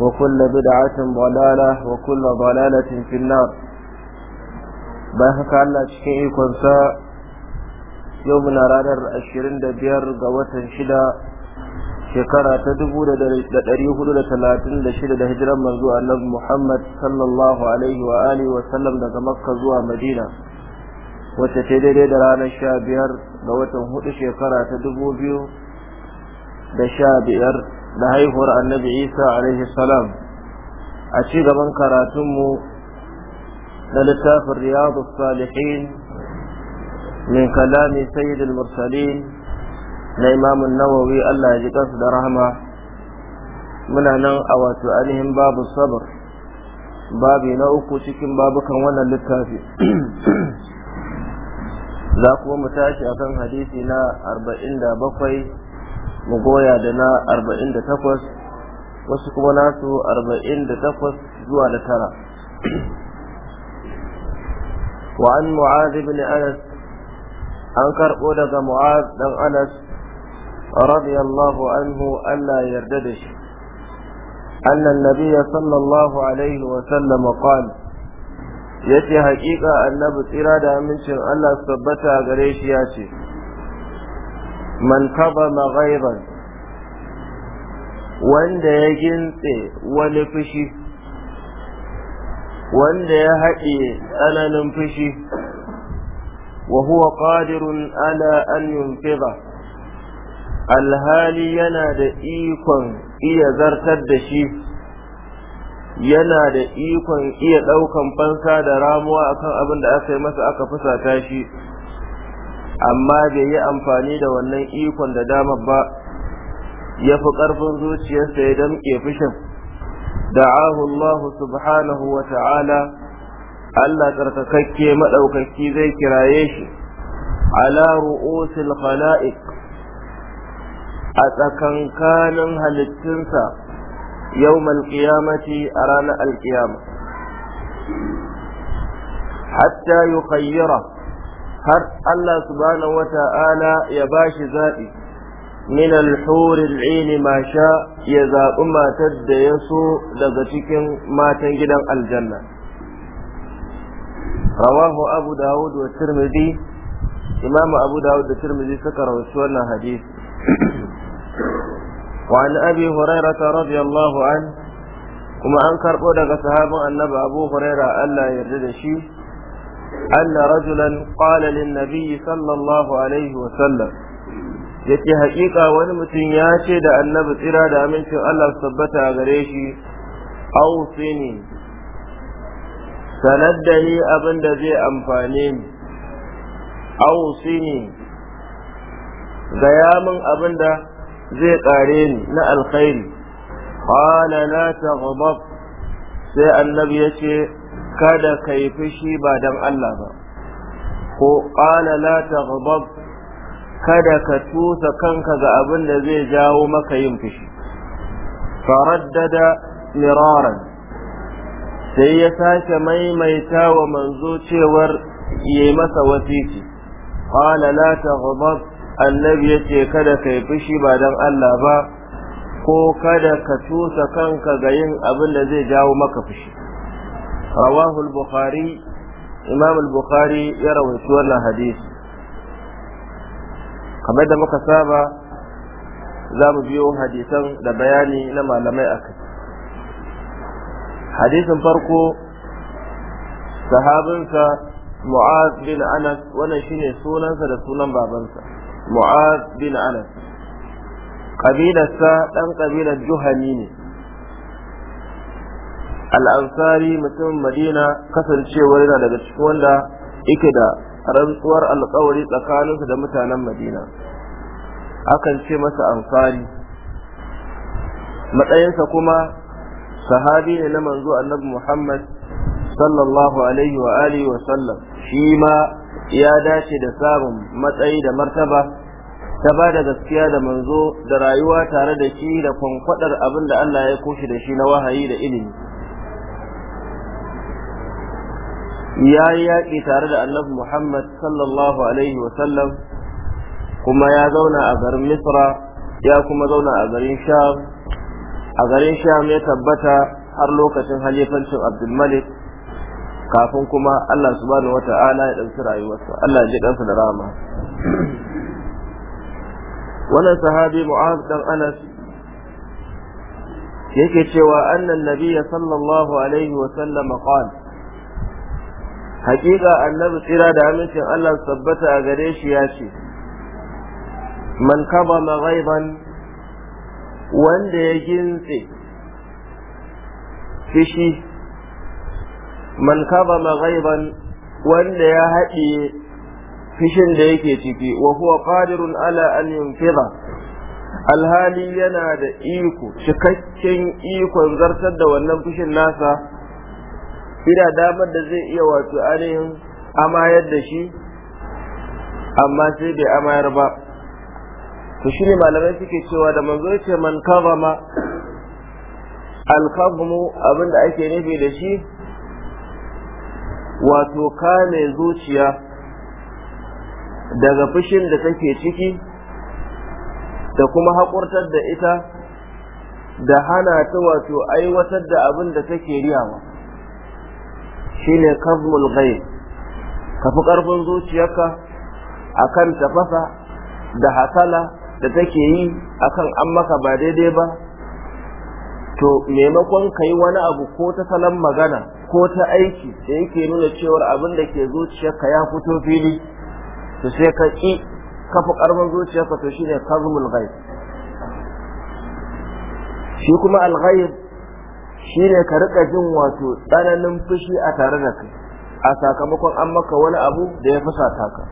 وكل بدعة ضلالة وكل ضلالة في النار بحك على شكئي كنساء يومنا رانر أشيرين دبير قوة شدا شكرا تدبو لدريه لتلاتين لشدا لهجرة منذ النبي محمد صلى الله عليه وآله وسلم لك مكة زوى مدينة وتتدري درانا شابير قوة هدو شكرا تدبو بيو da sha biyar Da haihuwar annabi isa alaihi salam a ci gaban karatunmu na littafin riyadu salihin min kalami sayyidul mursalin na imamun nawawi allah ya ji kansu da rahama muna nan a wato ainihin babu sabar babi na uku cikin babukan wannan littafi za kuma mu tashi akan hadisi na arba'in da bakwai mu goya da na arba'in da takwas wasu kuma nasu arba'in da takwas zuwa da tara wa an mu'az ibn anas an karɓo daga mu'az dan anas radiyallahu anhu Allah yarda da shi أن النبي صلى الله عليه وسلم قال yace haƙiƙa annabi tsira da amincin Allah tabbata gare shi ya ce man tabama wanda ya gintse wani fushi wanda ya haɗe tsananin fushi wa huwa qadirun ala an yunfidha alhali yana da ikon iya zartar da shi yana da ikon iya ɗaukan fansa da ramuwa akan abin da aka yi masa aka fusata shi amma bai yi amfani da wannan ikon da damar ba ya fi ƙarfin zuciyarsa ya damƙe fushin Da Allah subhanahu wa ta'ala Allah tsarkakakke maɗaukaki zai kiraye shi ala ru'usil khala'iq a tsakankanin halittunsa yawmal qiyamati a ranar alkiyama hatta yukhayyira har Allah subhanahu wata'ala ya bashi zaɓi min al-hurin ini ma sha ya zaɓi matar da ya so daga cikin matan gidan aljanna rawahu abu dawud wa tirmidhi imam abu dawud da tirmidhi suka rawaci wannan hadisi وعن أبي هريرة رضي الله عنه kuma an karɓo daga sahabin annaba abu huraira Allah yarda da shi أن رجلا قال للنبي صلى الله عليه وسلم yace haƙiƙa wani mutum ya ce da annabi tsira da amincin Allah tabbata a gare shi ausini sanar da ni abin da zai amfane ni ausini gaya min abin da zai ƙare ni na alkhairi qala la taghdab sai annabi yace kada ka yi fushi ba don Allah ba ko ƙala la taghdab kada ka tusa kanka ga abin da zai jawo maka yin fushi faraddada miraran sai ya sake maimaita wa manzo cewar yayi masa wasiki ƙala la taghdab annabi yace kada ka yi fushi ba don Allah ba ko kada ka tusa kanka ga yin abin da zai jawo maka fushi rawahu al-bukhari imam bukhari ya rawaito wannan hadisi kamar da muka saba za mu biyo hadisan da bayani na malamai a kai hadisin farko sahabinsa Mu'az bin Anas wannan shine sunansa da sunan babansa Mu'az bin Anas kabilarsa ɗan kabilar Juhani ne al'ansari mutumin madina kasancewar yana daga cikin wanda yake da rantsuwar alkawari tsakaninsa da mutanen madina akan ce masa ansari matsayinsa kuma sahabi ne na manzo annabi muhammad sallallahu alaihi wa alihi wa sallam shi ma ya dace da samun matsayi da martaba ta ba da gaskiya da manzo da rayuwa tare da shi da kwankwadar abin da Allah ya koshi da shi na wahayi da ilimi ya yi yaƙi tare da annabi Muhammad sallallahu alaihi wasallam kuma ya zauna a garin Misra ya kuma zauna a garin Sham a garin Sham ya tabbata har lokacin halifancin Abdulmalik kafin kuma Allah subhanahu wa wata'ala ya ɗauki rayuwarsa Allah ya ji ɗansu da rama wannan sahabi Mu'az dan Anas yake cewa annan Nabiya sallallahu alaihi wa sallam qala haƙiƙa annabi tsira da amincin Allah sabbata a gare shi ya ce man kaba maghaiban wanda ya gintse fishi man kaba maghaiban wanda ya haɗiye fishin da yake ciki wa huwa qadirun ala an yunfidha alhali yana da iko cikakken ikon zartar da wannan fishin nasa ina damar da zai iya wato ainihin amayar da shi amma sai bai amayar ba to shine malamai suke cewa da manzo ce man kazama alkazmu abinda ake nufi da shi wato kame zuciya daga fushin da take ciki da kuma haƙurtar da ita da hana ta wato aiwatar da abin da take riyawa shine kazmul ghaib ka fi karfin zuciyarka akan tafasa da hasala da take yi akan an maka ba daidai ba to maimakon ka yi wani abu ko ta salon magana ko ta aiki da yake nuna cewar abin da ke zuciyarka ya fito fili to sai ka ƙi ka fi zuciyarka to shine kazmul ghaib shi kuma al shine ka rika jin wato tsananin fushi a tare da kai a sakamakon an maka wani abu da ya fusata ka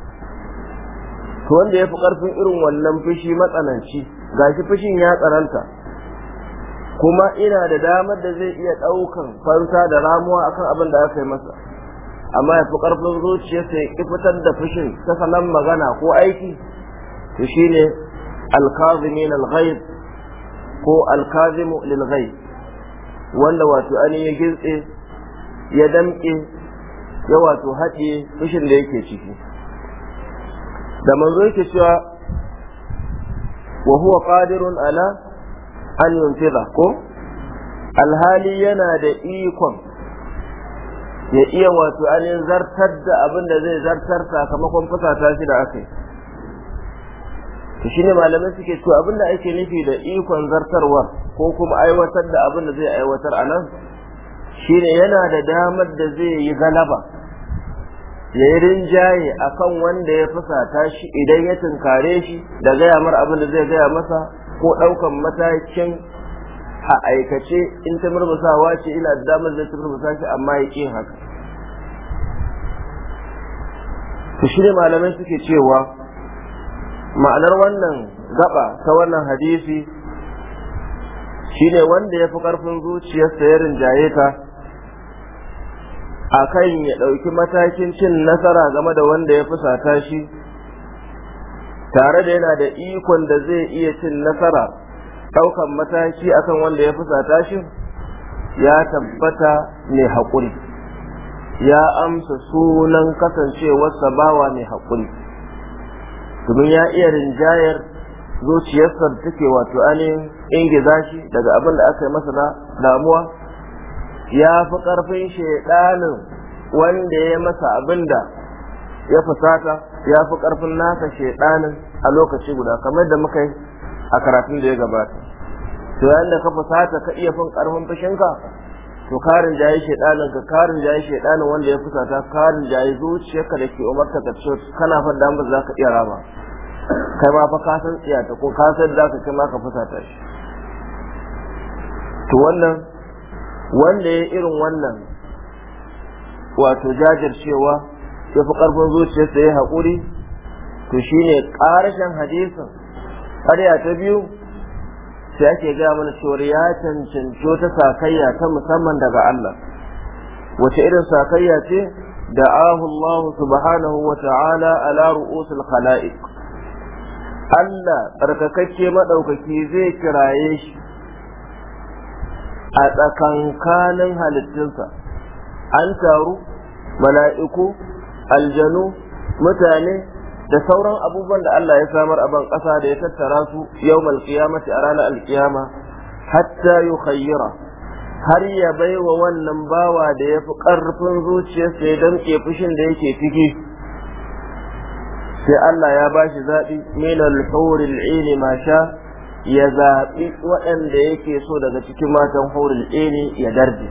to wanda ya fi karfin irin wannan fushi matsananci gashi fushin ya tsaranta kuma ina da damar da zai iya daukan fansa da ramuwa akan abin da aka yi masa amma ya fi karfin sai ya ki fitar da fushin ta sanan magana ko aiki to shine alkazimin alghaib ko alkazimu lilghaib wanda wato an ya gintse ya damƙe ya wato haɗe fushin da yake ciki da manzo yake cewa wa huwa qadirun ala an yunfidha ko alhali yana da ikon ya iya wato ainihin zartar da abin da zai zartar sakamakon fusata shi da aka yi shi ne malamai suke cewa abin da ake nufi da ikon zartarwar ko kuma aiwatar da abin da zai aiwatar anan, shi shine yana da damar da zai yi galaba ya yi rinjaye a kan wanda ya ta shi idan ya tunkare shi da gaya mar abin da zai gaya masa ko ɗaukan matakin a aikace in ta murmusawa ce ina da damar zai ta murmusa shi amma ya ƙi haka ku shi malamai suke cewa ma'anar wannan gaba ta wannan hadisi shine wanda ya fi ƙarfin zuciyarsa ya rinjaye ta a kan ya ɗauki matakin cin nasara game da wanda ya fusata shi tare da yana da ikon da zai iya cin nasara ɗaukan mataki kan wanda ya fusata shi ya tabbata mai haƙuri ya amsa sunan kasancewarsa bawa mai haƙuri domin ya iya rinjayar zuciyarsa da take wato ainihin ingiza shi daga abin da aka yi masa na damuwa ya fi ƙarfin shaidanin wanda ya masa abin da ya fusata ya fi ƙarfin nasa shaidanin a lokaci guda kamar da muka yi a karatun da ya gabata to yayin da ka fusata ka iya fin ƙarfin fushinka to karin jayi shaidanin ka karin jayi shaidanin wanda ya fusata karin zuciya zuciyarka da ke umarta ka ce kana fadda mu za ka iya rama kai ma fa ka san tsiyata ko ka san za ka kai ma ka fusata shi to wannan wanda ya irin wannan wato jajircewa ya fi ƙarfin zuciyarsa ya haƙuri to shine ƙarashin hadisin ƙarya ta biyu sai ake gaya mana cewar ya cancanci ta sakayya ta musamman daga Allah wace irin sakayya ce da ahullahu subhanahu wa ta'ala ala ru'usul khala'iq Allah tsarkakakke madaukaki zai kiraye shi a tsakankanin halittunsa an taru mala'iku aljanu mutane da sauran abubuwan da Allah ya samar a ban ƙasa da ya tattara su yau qiyamati a ranar alkiyama hatta yukhayyira har ya baiwa wannan bawa da ya fi ƙarfin zuciyarsa ya damƙe fushin da yake ciki sai Allah ya bashi zaɓi minal al-huril ma sha ya zaɓi waɗanda yake so daga cikin matan horin ɗeni ya darbe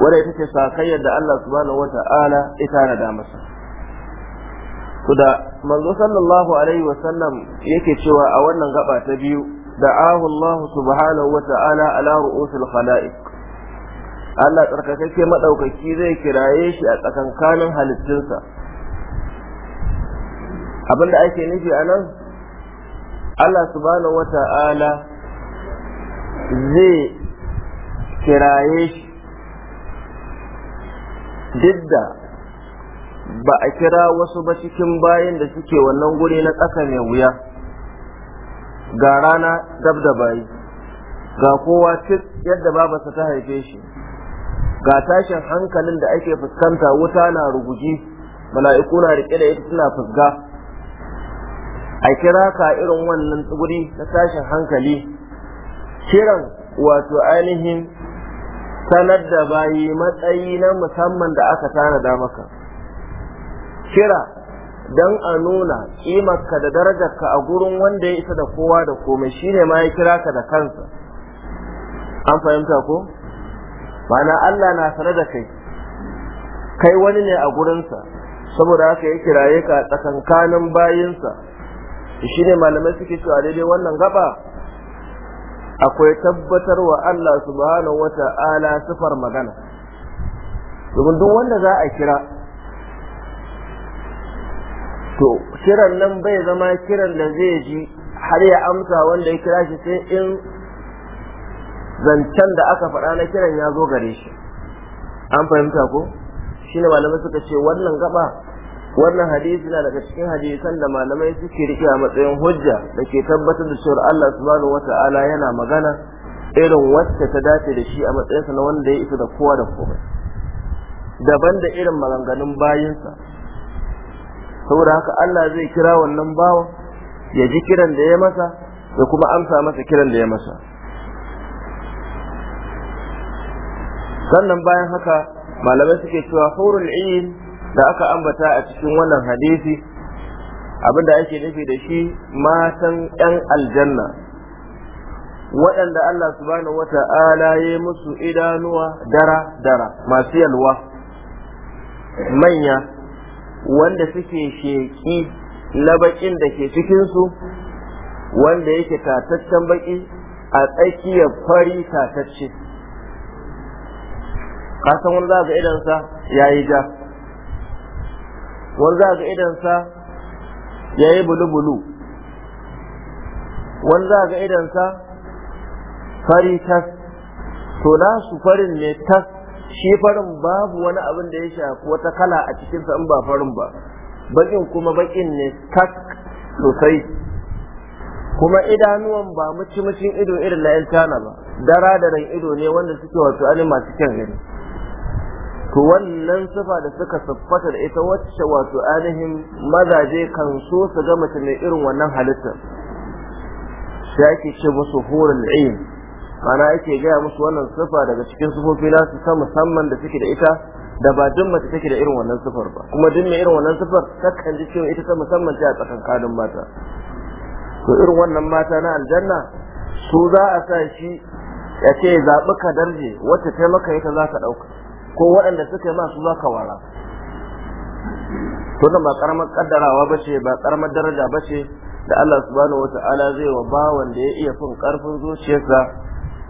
wadda ita ce sakayyar da Allah subhanahu wata'ala ita na da masa to da manzo sallallahu alaihi wasallam yake cewa a wannan gaba ta biyu da'ahu Allah subhanahu wata'ala ala ru'usul khala'iq Allah tsarkakakke madaukaki zai kiraye shi a tsakankanin halittunsa abinda ake nufi a nan Allah subhanahu wata'ala zai kiraye shi duk da ba a kira wasu ba cikin bayan da suke wannan guri na tsaka mai wuya ga rana dab da bayi ga kowa cik yadda babarsa ta haife shi ga tashin hankalin da ake fuskanta wuta na ruguji mala'iku na rike da ita suna fusga a kira ka irin wannan tsuguri na tashin hankali kiran wato ainihin sanar da bayi matsayi na musamman da aka tanada maka kira don a nuna ƙimarka da darajarka a gurin wanda ya isa da kowa da komai shine ma ya kira ka da kansa an fahimta ko ma'ana Allah na sanar da kai kai wani ne a gurinsa saboda haka ya kiraye ka tsakankanin bayinsa shi ne malamai suke cewa daidai wannan gaba akwai tabbatar wa Allah subhanahu wa ta'ala sifar magana domin duk wanda za a kira to kiran nan bai zama kiran da zai ji har ya amsa wanda ya kira shi sai in zancen da aka faɗa na kiran ya zo gare shi an fahimta ko shi ne malamai suka ce wannan gaba wannan hadisi na daga cikin hadisan da malamai suke rike a matsayin hujja da ke tabbatar da cewar Allah subhanahu wata'ala yana magana irin wacce ta dace da shi a matsayinsa na wanda ya isa da kowa da komai daban da irin maganganun bayinsa saboda haka Allah zai kira wannan bawan ya ji kiran da ya masa da kuma amsa masa kiran da ya masa sannan bayan haka malamai suke cewa hurul ayn da aka ambata a cikin wannan hadisi abinda ake nufi da shi matan 'yan aljanna waɗanda Allah subhanahu wata'ala ya yi musu idanuwa dara dara masu yalwa manya wanda suke sheƙi na baƙin da ke cikinsu wanda yake tataccen baƙi a tsakiyar fari tatacce kasan wani za ga idansa ya yi ja wani za ga idansa ya yi bulu-bulu wani za ga idansa fari tas to nasu farin ne tas shi farin babu wani abin da ya shafi wata kala a cikinsa in ba farin ba bakin kuma bakin ne tak sosai kuma idanuwan ba muci-mucin ido irin na 'yan ba dara da ran ido ne wanda suke wato ani masu kyan to wannan sifa da suka siffata da ita wacce wato ainihin mazaje kan so su ga mace mai irin wannan halitta shi ake ce musu hurul ain mana ake gaya musu wannan sifa daga cikin sifofi na su ta musamman da suke da ita da ba duk mace take da irin wannan sifar ba kuma duk mai irin wannan sifar takan ji cewa ita ta musamman ta a kadin mata to irin wannan mata na aljanna su za a sa shi ya ce zaɓi ka darje wacce taimaka ita za ka ɗauka ko waɗanda suka yi masu za ka wara ba karamar kaddarawa ba ce ba karamar daraja ba ce da Allah subhanahu ta'ala zai wa bawan da ya iya fin karfin zuciyarsa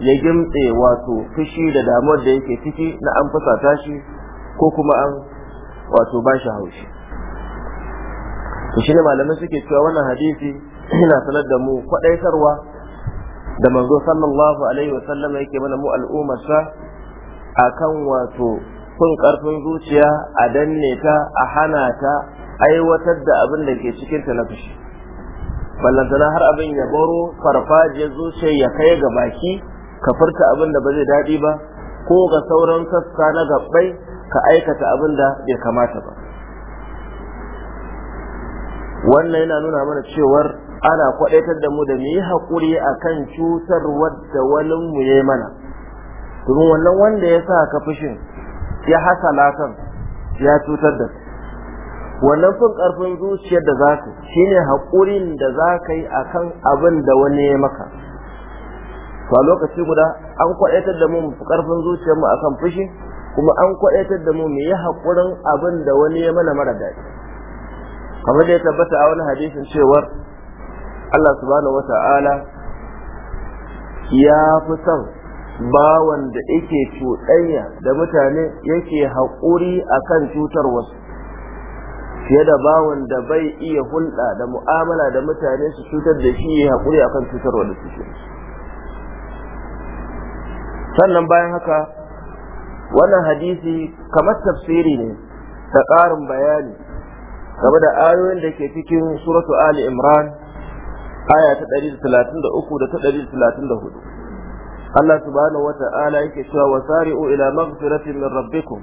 ya gimtse wato fushi da damuwar da yake ciki na an fusata shi ko kuma an wato ba shi haushi to ne malamai suke cewa wannan hadisi yana sanar da mu kwadaitarwa da manzo sallallahu alaihi wa sallam yake mana mu al'ummar sa akan wato kun karfin zuciya a danne ta a hana ta aiwatar da abin da ke cikin ta na fushi ballantana har abin ya baro farfajiyar zuciya ya kai ga baki ka furta abin da ba zai daɗi ba ko ga sauran sassa na gabbai ka aikata abin da bai kamata ba wannan yana nuna mana cewar ana kwadaitar da mu da mu yi haƙuri akan cutar wadda walinmu ya yi mana domin wannan wanda ya sa ka fushin ya hasala kan ya cutar da su wannan fin karfin zuciyar da za ka shine haƙurin da za ka yi a kan abin da wani ya maka to a lokaci guda an kwaɗaitar da mu karfin zuciyarmu kan fushi kuma an kwaɗaitar da mu mu yi haƙurin abin da wani ya mana mara daɗi kamar da ya tabbata a wani hadisin cewar Allah subhanahu wata'ala ya fi son bawan da yake cuɗanya da mutane yake haƙuri akan cutar wasu fiye da bawan da bai iya hulɗa da mu'amala da mutane su cutar da shi ya haƙuri akan cutar wanda suke sannan bayan haka wannan hadisi kamar tafsiri ne da ƙarin bayani game da ayoyin da ke cikin suratu ali imran aya ta 133 da ta 134 Allah subhanahu wata'ala yake cewa wasari'u ila maghfiratin min rabbikum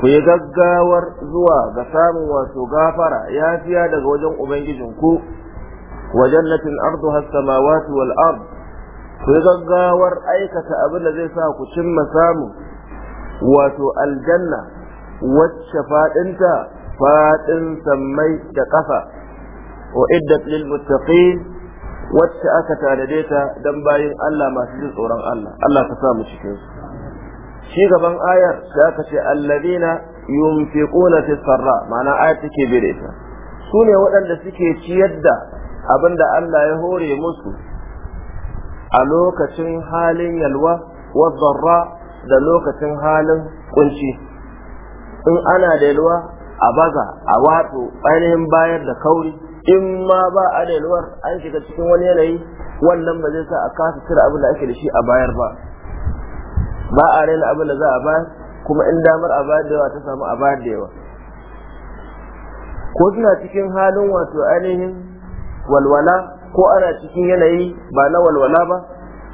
ku yi gaggawar zuwa ga samun wato gafara yafiya daga wajen ubangijinku wa jannatin ardu as-samawati wal ard ku yi gaggawar aikata abin da zai sa ku cimma samu wato aljanna wacce fadinta fadin sammai da kafa wa iddat lil muttaqin wacce aka tanade ta dan bayin Allah masu jin tsoron Allah Allah ka sa mu cikin su shi gaban ayar sai aka ce alladina yunfiquna fi sarra ma'ana ayar take bire ta su ne waɗanda suke ciyar da abin da Allah ya hore musu a lokacin halin yalwa wa zarra da lokacin halin kunci in ana da yalwa a baza a wato ainihin bayar da kauri in ma ba a da an shiga cikin wani yanayi wannan ba zai sa a kasa cire abin da ake da shi a bayar ba ba a raina abin da za a bayar kuma in damar a bayar da yawa ta samu a bayar da yawa ko suna cikin halin wato ainihin walwala ko ana cikin yanayi ba na walwala ba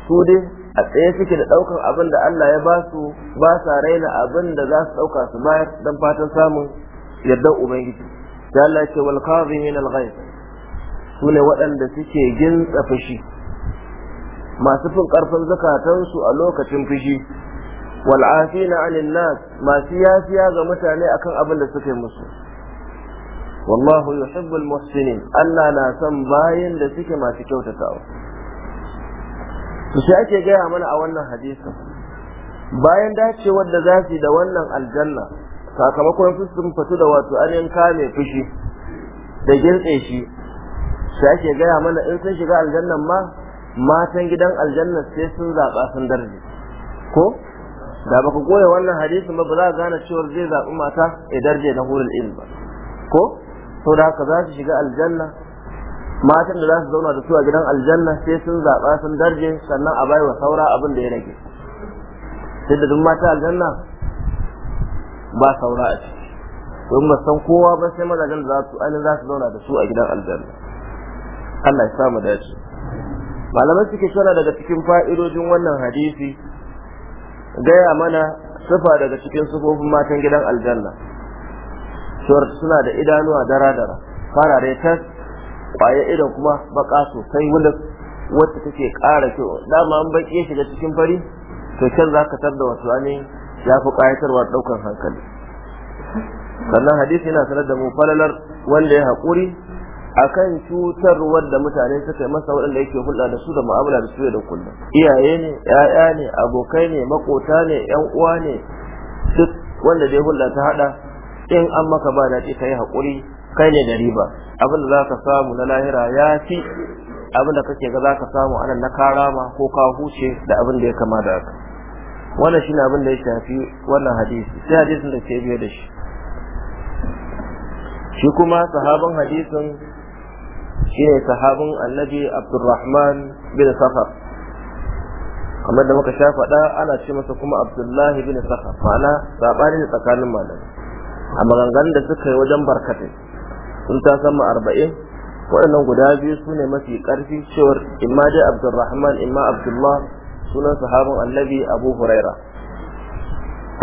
su dai a tsaye suke da ɗaukan abin da Allah ya ba su ba sa raina abin da za su ɗauka su bayar don fatan samun yardar Ubangiji. sai Allah ce wal qadhimin al su ne waɗanda suke gintsa fushi masu fin karfin zakatansu a lokacin fushi Wal'afi na anil masu yafiya ga mutane akan abin da suka yi musu wallahu yuhibbul muhsinin Allah na son bayan da suke masu kyautatawa to sai ake gaya mana a wannan hadisin bayan dacewar da za su da wannan aljanna sakamakon su sun fito da wato anin kame fushi da gintse shi shi ake gaya mana in sun shiga aljannan ma matan gidan aljanna sai sun zaɓa sun darje ko da baka goya wannan hadisin ba ba za ka gane cewar zai zaɓi mata ya darje na hurul ilm ba ko da haka za su shiga aljanna matan da za su zauna da su a gidan aljanna sai sun zaɓa sun darje sannan a bai wa saura abin da ya rage sai da duk mata aljanna ba saura a ciki don ba san kowa ba sai mazajen za su ainihin za su zauna da su a gidan aljanna Allah ya samu dace malaman suke suna daga cikin fa'idojin wannan hadisi gaya mana sufa daga cikin sufofin matan gidan aljanna shawar suna da idanuwa dara-dara farare ta kwaye idan kuma baka sosai wanda wacce take ƙara kyau dama an ya shiga cikin fari to can za ka tar da wasu wani. ya fi ƙayatarwa ɗaukar hankali sannan hadisi yana sanar da mu falalar wanda ya haƙuri akan cutarwar da mutane suka yi masa waɗanda yake hulɗa da su da mu'amala da su da kullum iyaye ne 'ya'ya ne abokai ne makota ne 'yan uwa ne duk wanda dai hulɗa ta haɗa in an maka ba daɗi ka yi haƙuri kai ne da riba abin da za ka samu na lahira ya fi abin da kake ga za ka samu anan na karama ko ka huce da abin da ya kama da haka wannan shi abin da ya shafi wannan hadisi sai hadisin da ke biye da shi shi kuma sahabin hadisin shi ne sahabin annabi abdurrahman bin safar kamar da muka sha faɗa ana ce masa kuma abdullahi bin safar ma'ana saɓani da tsakanin malamai a maganganun da suka yi wajen barkatai sun ta sama arba'in waɗannan guda biyu su ne mafi ƙarfi cewar imma dai abdurrahman imma abdullah sunan sahabin annabi abu huraira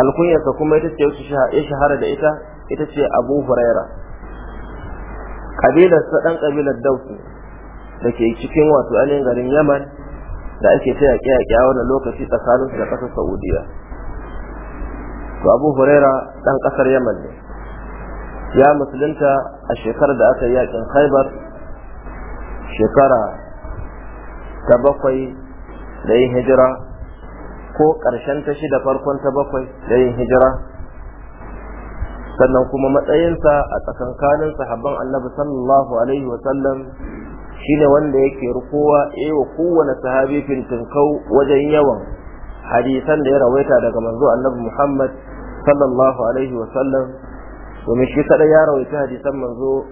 alkunyarsa kuma ita ce ya shahara da ita ita ce abu huraira kabilarsa ɗan kabilar dauku da ke cikin wato ainihin garin yaman da ake ta yaƙe yaƙe a wannan lokaci tsakaninsu da ƙasar saudiya to abu huraira ɗan ƙasar yaman ne ya musulunta a shekarar da aka yi yaƙin khaibar shekara ta bakwai da yin hijira ko ƙarshen ta shida farkon ta bakwai da yin hijira sannan kuma matsayinsa a tsakankanin sahabban annabi sallallahu alaihi shine wanda yake rukowa ewa eh, kowane sahabi fintinkau wajen yawan hadisan da ya rawaita daga manzo annabi Muhammad sallallahu alaihi wa sallam domin shi kada ya rawaita hadisan manzo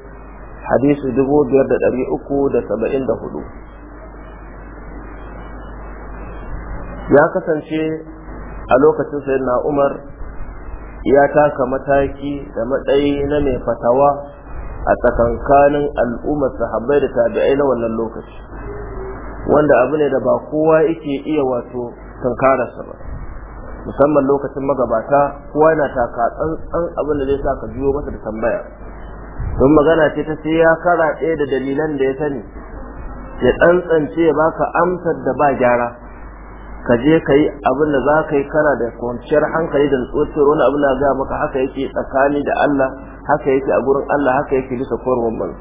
hadisu dubu biyar da ɗari uku da saba'in da hudu ya kasance a lokacin sayyidina umar ya taka mataki da matsayi na mai fatawa a tsakankanin al'ummar sahabbai da tabi'ai na wannan lokaci wanda abu ne da ba kowa yake iya wato tunkararsa ba musamman lokacin magabata kowa yana taka tsantsan abin da zai sa ka biyo masa da tambaya don magana ce ta sai ya kara ɗaya da dalilan da ya sani ya tsantsance ya baka amsar da ba gyara ka je ka yi abin da za ka yi kana da kwanciyar hankali da tsotsoro wani abin da za maka haka yake tsakani da Allah haka yake a gurin Allah haka yake bisa korwar man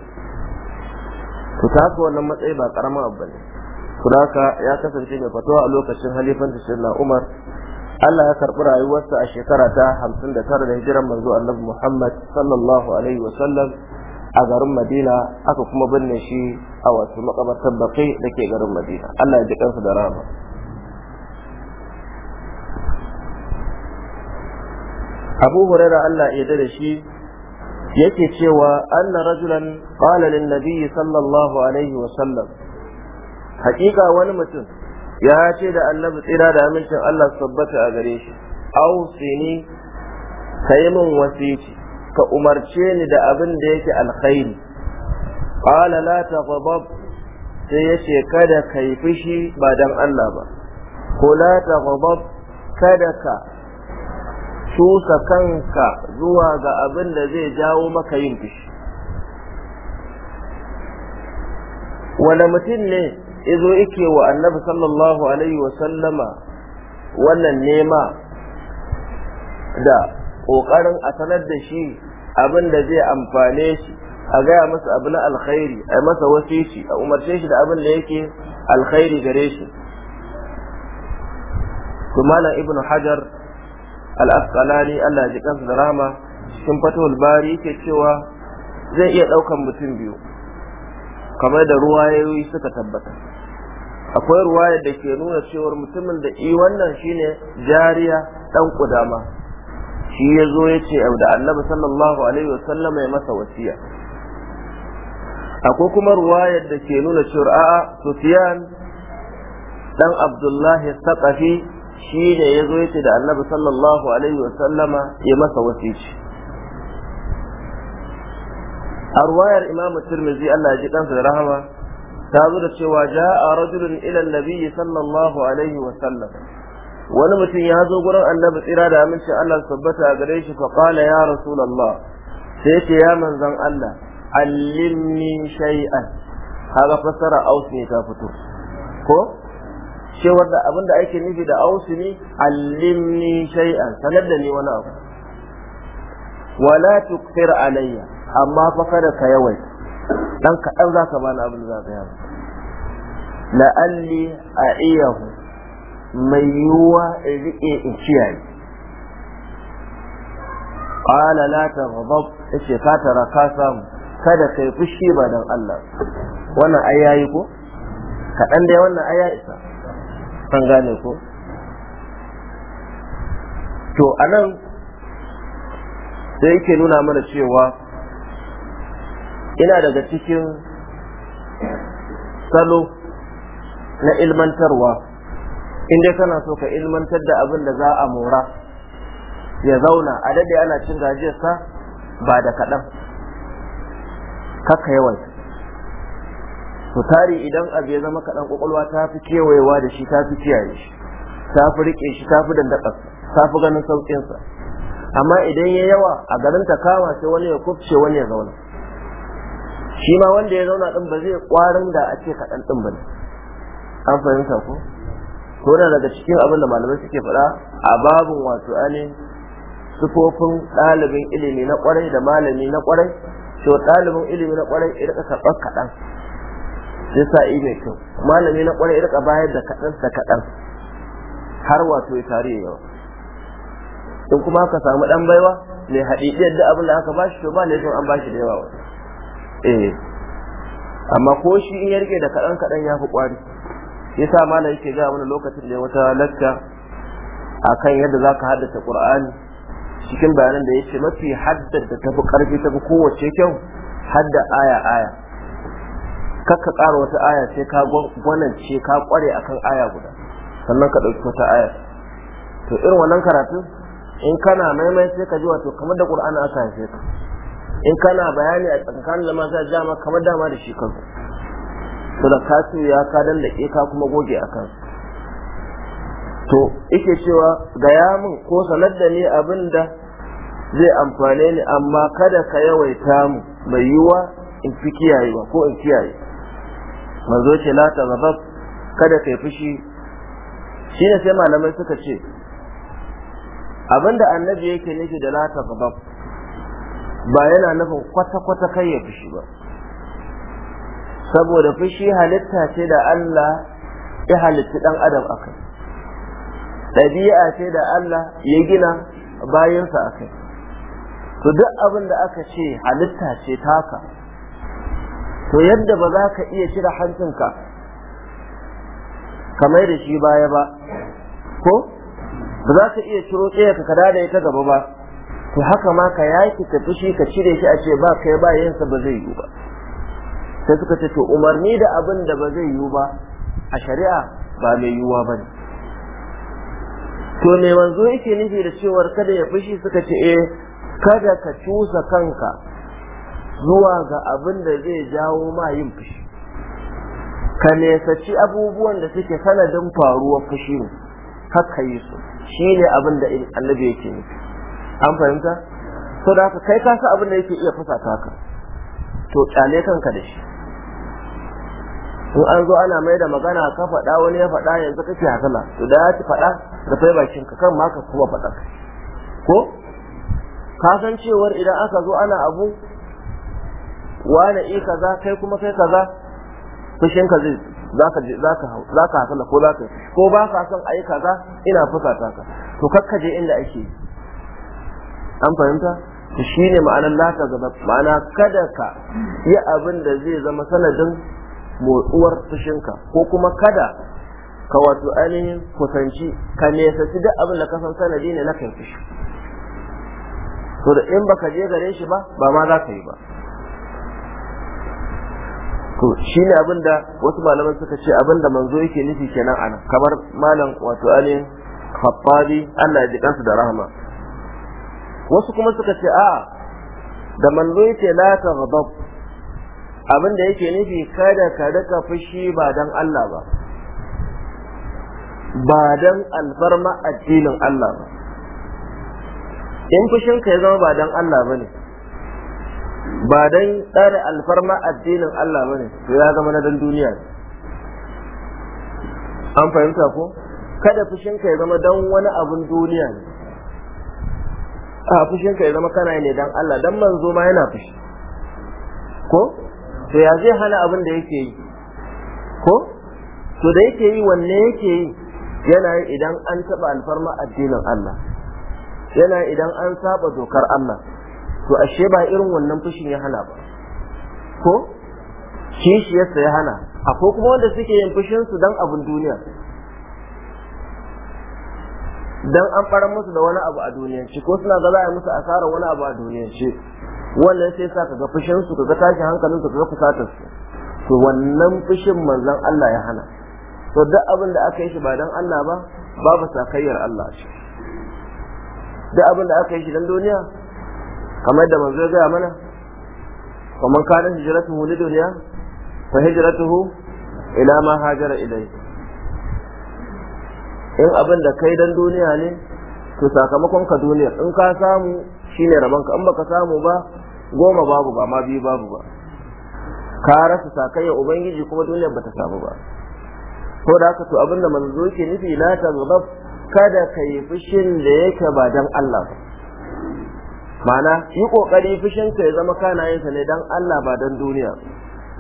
ku taka wannan matsayi ba karamin abu ne ku haka ya kasance mai fatawa a lokacin halifan na Umar Allah ya karɓi rayuwarsa a shekara ta hamsin da tara da hijiran manzo Annabi Muhammad sallallahu alaihi wa sallam a garin Madina aka kuma binne shi a wasu makabartar baƙi da ke garin Madina Allah ya ji kansa da rama abu huraira Allah ya da shi yake cewa anna rajulan qala lin nabiy sallallahu alaihi wa sallam hakika wani mutum ya ce da annabi tsira da amincin Allah tabbata a gare shi au sini kai min wasici ka umarce ni da abin da yake alkhairi qala la taghdab sai yace kada kai fushi ba dan Allah ba ko la taghdab kada ka tusa kanka zuwa ga abin da zai jawo maka yin fushi wanda mutum ne izo ike wa annabi sallallahu alaihi wa wannan nema da ƙoƙarin a sanar da shi abin da zai amfane shi a gaya masa abu na alkhairi a masa shi a umarce shi da abin da yake alkhairi gare shi malam ibnu hajar al-asqalani Allah ji kansa da rahama cikin fatawul bari yake cewa zai iya ɗaukan mutum biyu kamar da ruwayoyi suka tabbata akwai ruwayar da ke nuna cewar mutumin da i wannan shine jariya dan kudama shi ya zo ya ce da annabi sallallahu alaihi wasallam ya masa wasiya akwai kuma ruwayar da ke nuna cewar a'a sufyan dan abdullahi saqafi shi ne ya zo yake da annabi sallallahu alaihi wa sallama ya masa wasici a ruwayar imam tirmizi Allah ji kansa da rahama ta zo da cewa a rajulun ila annabi sallallahu alaihi wa wani mutum ya zo gurin annabi tsira da aminci Allah tabbata gare shi fa qala ya rasulullah sai yace ya manzon Allah allimni shay'an kaga fassara aus ne ta fito ko cewar da abinda ake nufi da ne allimni shay'an sanar da ni wani abu wala tukfir alayya amma fa kada ka yawai dan kaɗan za ka bani abin da zaka ka la alli a'iyahu mai yiwuwa in in ciyayi qala la taghdab ishi ka tara ka samu kada kai fushi ba dan Allah wannan ayayi yayi ko kaɗan dai wannan aya ya isa an gane ko to anan sai yake nuna mana cewa ina daga cikin salo na ilmantarwa inda kana so ka ilmantar da abin da za a mora ya zauna a daɗe ana cin gajiyarsa ba da kaɗan kaka yawaita to tari idan abu ya zama kaɗan ƙwaƙwalwa ta fi kewayewa da shi ta fi kiyaye shi ta fi riƙe shi ta fi dandaɓa ta fi ganin sauƙinsa amma idan ya yawa a garin ta kama sai wani ya kufce wani ya zauna shi ma wanda ya zauna ɗin ba zai ƙwarin da a ce kaɗan ɗin ba ne an fahimta ko to na daga cikin abin da malamai suke faɗa a babin wato ainihin sufofin ɗalibin ilimi na ƙwarai da malami na ƙwarai to ɗalibin ilimi na ƙwarai ya rika karɓar kaɗan sa yi mai kyau malami na kwarai rika bayar da kaɗan da kaɗan har wato ya tare yawa in kuma ka samu ɗan baiwa mai haɗiɗiyar da abin da aka ba shi to ba ne an ba shi da yawa eh amma ko shi in ya rike da kaɗan kaɗan ya fi kwari yasa malam yake ga wani lokacin da ya wata lakka kan yadda za ka haddasa ƙur'ani cikin bayanan da ya ce, mafi haddar da tafi karfi tafi kowace kyau hadda aya aya ka ƙara wata aya sai ka gwanance ka kware akan aya guda sannan ka ɗauki wata aya to irin wannan karatun in kana maimai sai ka ji wato kamar da ƙur'ana aka haife ka in kana bayani a tsakanin da masu jama kamar dama da shi kansu to da ka ya ka dan da ka kuma goge a kan to ike cewa gaya min ko sanar da ni abin da zai amfane ni amma kada ka yawaita mu mai yiwuwa in fi kiyayewa ko in kiyaye manzo ce la ta zabab kada kai fushi shine sai malamai suka ce abinda annabi yake nufi da la ta zabab ba yana nufin kwata kwata kai ya fushi ba saboda fushi halitta ce da Allah ya halitta dan adam akai ɗabi'a ce da Allah ya gina bayansa akai to duk abin da aka ce halitta ce taka to yadda ba za ka iya cire hancinka kamar da shi baya ba ko ba za ka iya ciro tsaye ka ya ita gaba ba to haka ma ka yaki ka fushi ka cire shi a ce ba kai ba yansa ba zai yiwu ba sai suka ce to umarni da abin da ba zai yiwu ba a shari'a ba mai yiwuwa ba ne to mai wanzo yake nufi da cewar kada ya fushi suka ce eh kada ka cusa kanka zuwa ga abin da zai jawo ma yin fushi ka nesaci abubuwan da suke sanadin faruwar fushi ne haka yi su shi ne abin da annabi yake nufi an fahimta to da haka kai kasa abin da yake iya fasa ka to kyale kanka da shi in an zo ana mai da magana ka faɗa wani ya faɗa yanzu kake hasala to da ya ci faɗa da fai bakin ka kan maka kuma faɗa ko ka san cewar idan aka zo ana abu wane e kaza kai kuma kai kaza fushin ka zai zaka zaka zaka hasala ko zaka ko ba ka san ayi kaza ina fusata ka to kakka je inda ake an fahimta to shine ma'anar la ka gaba ma'ana kada ka yi abin da zai zama sanadin motsuwar fushinka ko kuma kada ka wato ainihin kusanci ka nesaci duk abin da ka san sanadi ne na kai fushi to da in baka je gare shi ba ba ma za ka yi ba to shi ne abin da wasu malaman suka ce abin da manzo yake nufi kenan anan kamar malam wato Ali, khattabi Allah ya jikansu da rahama wasu kuma suka ce a da manzo yake la ta abin da yake nufi kada ka daka fushi ba dan Allah ba ba dan alfarma addinin Allah ba in fushinka ya zama ba dan Allah bane ba dan tsare alfarma addinin Allah bane to ya zama na dan duniya an fahimta ko kada fushinka ya zama dan wani abun duniya ne a fushinka ya zama kana ne dan Allah dan manzo ma yana fushi ko to ya zai hana abin da yake yi ko to da yake yi wanne yake yi yana yi idan an taba alfarma addinin Allah yana idan an saba dokar Allah to ashe ba irin wannan fushin ya hana ba ko kishiyarsa ya hana akwai kuma wanda suke yin fushinsu don abin duniya don an fara musu da wani abu a duniyance ko suna ga za a musu asarar wani abu a duniyance wannan sai sa kaga fushinsu kaga tashi hankalin su kaga fusatar su to wannan fushin manzon Allah ya hana to duk abin da aka yi shi ba don Allah ba babu sakayyar Allah ce duk abin da aka yi shi don duniya kamar yadda manzo ya gaya mana wa man kana hijratuhu lidunya fa hijratuhu ila ma hajara ilayhi in abin da kai dan duniya ne to sakamakon ka duniyar in ka samu shine rabon ka in baka samu ba goma babu ba ma biyu babu ba ka rasa sakayya ubangiji kuma duniyar bata samu ba ko da haka to abin da manzo yake nufi la tazab kada kai fushin da yake ba dan Allah ba ma'ana yi kokari fushinka ya zama kana yin sa ne dan Allah ba dan duniya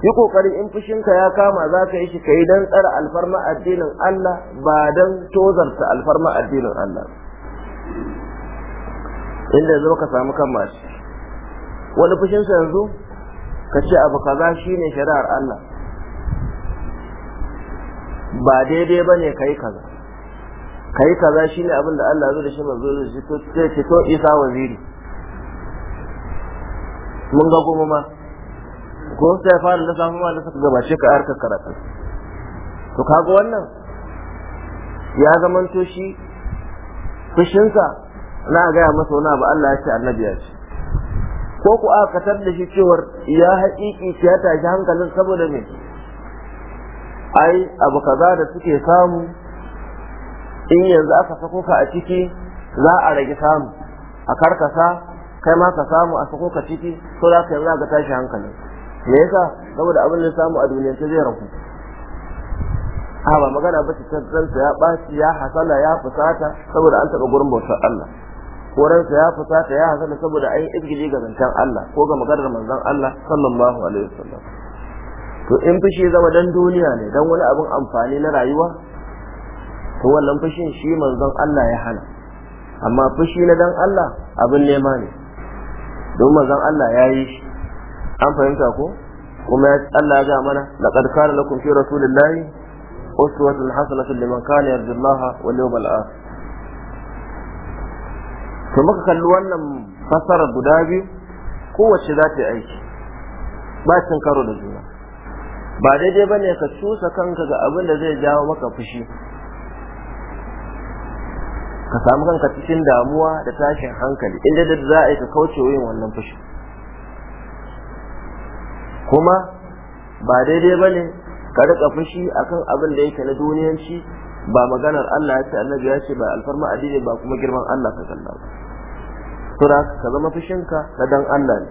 yi kokari in fushinka ya kama za ka yi shi ka yi dan tsara alfarma addinin Allah ba dan tozarta alfarma addinin Allah inda yanzu ka samu kan masu wani sa yanzu ka ce abu kaza shine shari'ar Allah ba daidai ba ne ka yi kaza ka yi kaza shine abin da Allah zai da shi manzo zai ce to isa waziri mun ga goma ma ko sai ya fara da ma da suka gabace ka arka karatu to kaga wannan ya zamanto shi fushinsa na gaya masa wani abu Allah ya ce annabi ya ce ko ku aka katar da shi cewar ya haƙiƙi ya tashi hankalin saboda me ai abu kaza da suke samu in yanzu aka sako ka a ciki za a rage samu a karkasa kai ma ka samu a sako ka ciki ko za ka yi ga tashi hankali me yasa saboda abin da samu a duniya zai rafu a ba magana ba ta ransa ya ɓaci ya hasala ya fusata saboda an taɓa gurin bautar Allah ko ransa ya fusata ya hasala saboda an yi izgili ga zancen Allah ko ga maganar manzon Allah sallallahu alaihi wasallam to in fushi zama dan duniya ne dan wani abin amfani na rayuwa to wannan fushin shi manzon Allah ya hana amma fushi na dan Allah abin nema ne don manzon Allah ya yi shi an fahimta ko kuma Allah ya ga mana laqad kana lakum fi rasulillahi uswatun hasanatun liman kana yarjullaha wal yawmal akhir to muka kalli wannan fasara guda biyu kowace za ta yi aiki ba cin karo da juna ba daidai bane ka cusa kanka ga abin da zai jawo maka fushi ka samu kanka cikin damuwa da tashin hankali inda da za a yi ka kauce yin wannan fushi kuma ba daidai ba ne ka riƙa fushi akan abin da yake na duniyanci ba maganar Allah ya ce annabi ya ce ba alfarma addini ba kuma girman Allah ka kalla ba da ka zama fushinka na dan Allah ne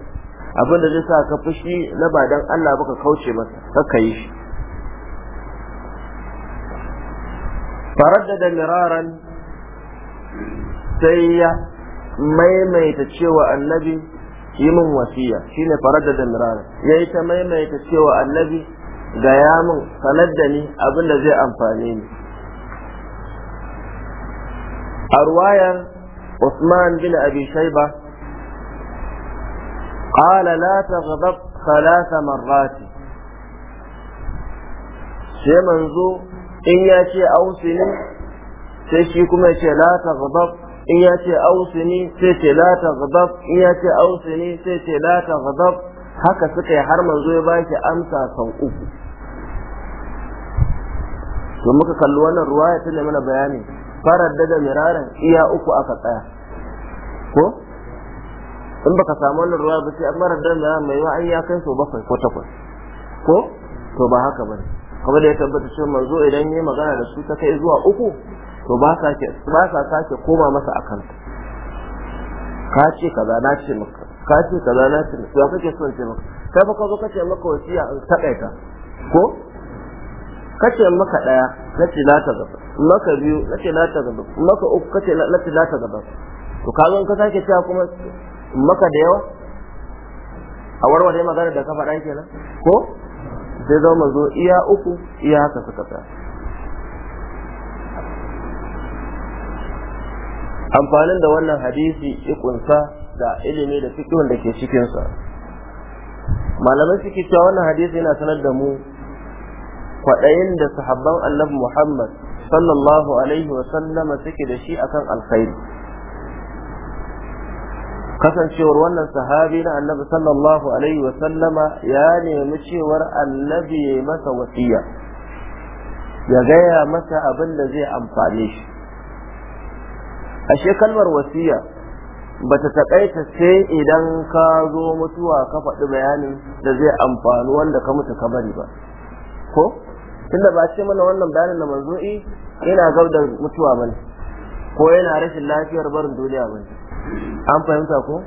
abin da zai sa ka fushi na ba dan Allah ba ka kauce masa kakka yi shi da miraran sai ya maimaita cewa annabi yi min wasiya shine faradda da mirara yi ta maimaita cewa annabi gaya min sanar da ni abin da zai amfane ni a ruwayar Usman bin Abi Shaiba قال لا تغضب ثلاث مرات sai manzo in ya ce ne. sai shi kuma ce la taghdab in ya ce ausini sai ce la taghdab in ya ce ausini sai ce la taghdab haka suka yi har manzo ya baki amsa sau uku to muka kalli wannan ruwaya ta mana bayani farar daga miraran iya uku aka tsaya ko in baka samu wannan ruwa ba sai an marar da miraran mai an ya kai so bakwai ko takwas ko to ba haka bane kamar da ya tabbata cewa manzo idan yayi magana da su ta kai zuwa uku to ba sa ba sa sake koma masa akan ka ce kaza na ce maka ka ce kaza na ce maka ya kake son ce maka kai ba ka zo kace maka wasiya in takaita ko kace maka daya nace na ta gaba maka biyu nace na ta gaba maka uku kace nace na ta gaba to ka zo ka sake cewa kuma maka da yawa a warware magana da ka faɗa kenan ko sai zo iya uku iya haka suka tsaya amfanin da wannan hadisi ya kunsa da ilimi da fikihun da ke cikinsa malamai suke cewa wannan hadisi yana sanar da mu kwaɗayin da sahabban annabi muhammad sallallahu alaihi wa sallama suke da shi akan alkhairi kasancewar wannan sahabi na annabi sallallahu alaihi wa sallama ya nemi cewar annabi ya masa wasiya ya gaya masa abin da zai amfane shi ashe kalmar wasiya bata takaita sai idan ka zo mutuwa ka faɗi bayanin da zai amfani wanda ka mutu ka bari ba ko tunda ba ce mana wannan bayanin da manzo'i yana gab da mutuwa ne? ko yana rashin lafiyar barin duniya ne, an fahimta ko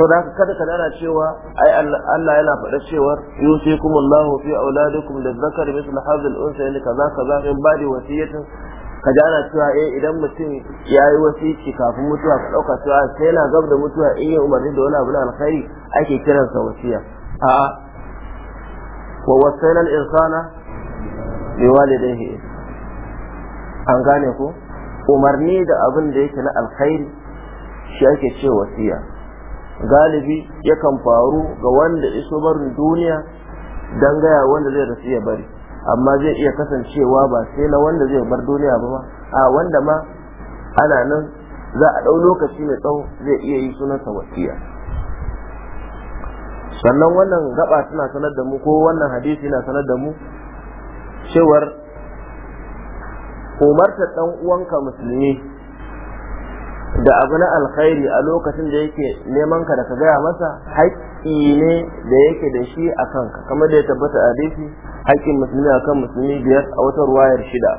to da kada ka dana cewa ai Allah yana faɗa cewa yusikumullahu fi auladikum lizzakari mithlu hadhil unsa kaza kaza in badi wasiyatin ka ji ana cewa eh idan mutum ya yi wasiki kafin mutuwa ka ɗauka cewa sai yana gab da mutuwa in yi umarni da wani abu na alkhairi ake kiransa wasiya a wa wasailal insana bi walidayhi an gane ko umarni da abin da yake na alkhairi shi ake ce wasiya galibi yakan faru ga wanda iso barin duniya don gaya wanda zai rasu ya bari amma zai iya kasancewa ba sai na wanda zai bar duniya ba a wanda ma ana nan za a ɗau lokaci mai tsawo zai iya yi sunansa wasiya sannan wannan gaba suna sanar da mu ko wannan hadisi na sanar da mu cewar umarta ɗan uwanka musulmi da abu na alkhairi a lokacin da yake neman ka da ka gaya masa haƙƙi haƙƙi ne da yake da shi a kanka kamar da ya tabbata a hadisi haƙƙin musulmi a kan musulmi biyar a wata ruwayar shida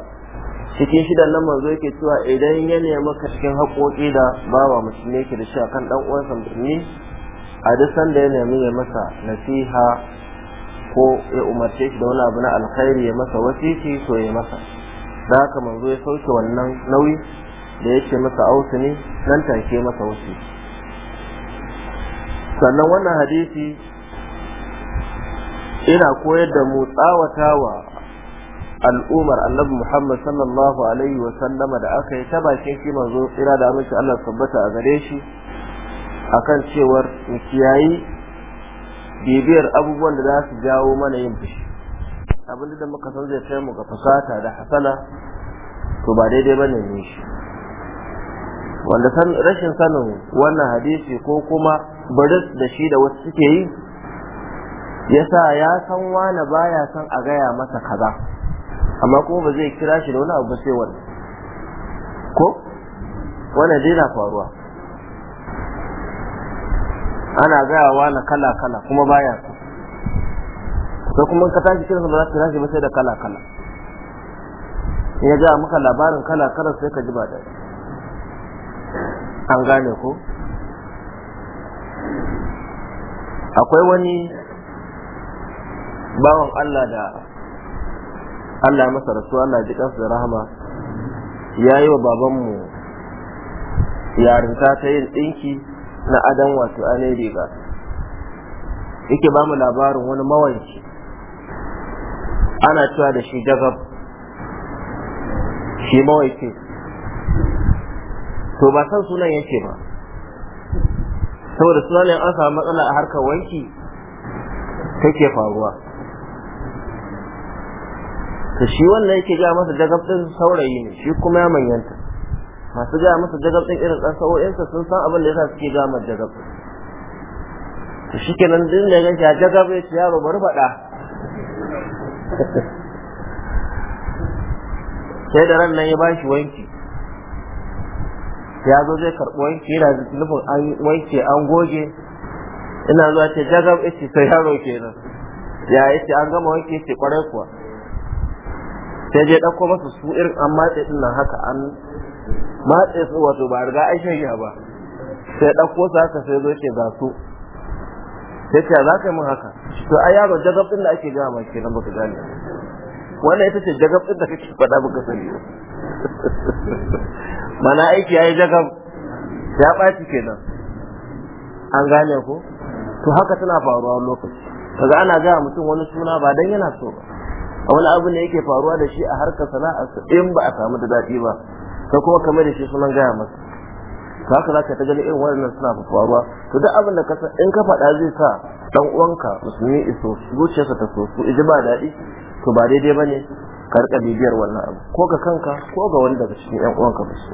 cikin shida nan manzo yake cewa idan ya nemi ka cikin haƙoƙi da bawa musulmi yake da shi akan dan uwansa musulmi a duk sanda ya nemi ya masa nasiha ko ya umarce shi da wani abu na alkhairi ya masa wasiki to ya masa da haka manzo ya sauke wannan nauyi da yake masa ausu ne nan take masa wasiki sannan wannan hadisi ina koyar da mu tsawatawa al'umar annabi Muhammad sallallahu alaihi wa sallama da aka yi ta shi manzo ina da aminci Allah tabbata a gare shi akan cewar in kiyayi bibiyar abubuwan da za su jawo mana yin fushi abin da muka san zai kai mu ga fasata da hasala to ba daidai bane ne shi wanda san rashin sanin wannan hadisi ko kuma baris da shi da wasu suke yi yasa ya san wani baya san a gaya masa kaza amma kuma ba zai kira shi da wani abu sai wani ko wani dai na faruwa ana gaya wane kala kala kuma baya so sai kuma ka tashi kira ba za ka kira ba sai da kala kala ya ga maka labarin kala kala sai ka ji ba daɗi an gane ko akwai wani bawan Allah da Allah ya masa rasuwa Allah ji kansa da rahama ya yi wa babanmu yarinta ta yin ɗinki na adam wato ane riga yake ba mu labarin wani mawanci ana cewa da shi jagab shi mawaiki to ba san sunan yake ba saboda suna ne an samu matsala a harkar wanki take faruwa ta shi wannan yake ga masa dagab din saurayi ne shi kuma ya manyanta masu ga masa dagab din irin ɗan sa'o'insa sun san abin da sa suke ga masa dagab ta shi kenan din da ganci a dagab ya ce yaro bari faɗa sai da ran nan ya bashi wanki ya zo zai karɓi wanki yana nufin an wanke an goge ina zuwa ce jagab ce sai yaro kenan ya ce an gama wanki ce kwarai kuwa sai je ɗauko masa su irin an matse ɗin nan haka an matse su wato ba riga an shanya ba sai ɗauko su haka sai zo ce ga su sai ce za ka yi min haka to ai yaro jagab ɗin da ake gama kenan baka gane wannan ita ce jagab ɗin da kake faɗa baka sani mana aiki ya yi jagab ya ɓaci kenan an gane ko to haka tana faruwa lokaci kaga ana gaya mutum wani suna ba dan yana so a wani abu ne yake faruwa da shi a harkar sana'a in ba a samu da daɗi ba ka kuma kamar da shi sunan gaya masa to haka zaka ta gani irin wannan suna faruwa to duk abin da ka san in ka faɗa zai sa dan uwanka musulmi iso zuciyarsa ta so su ji ba daɗi to ba daidai ne. karka bibiyar wannan abu ko ga kanka ko ga wani daga cikin yan uwanka ba su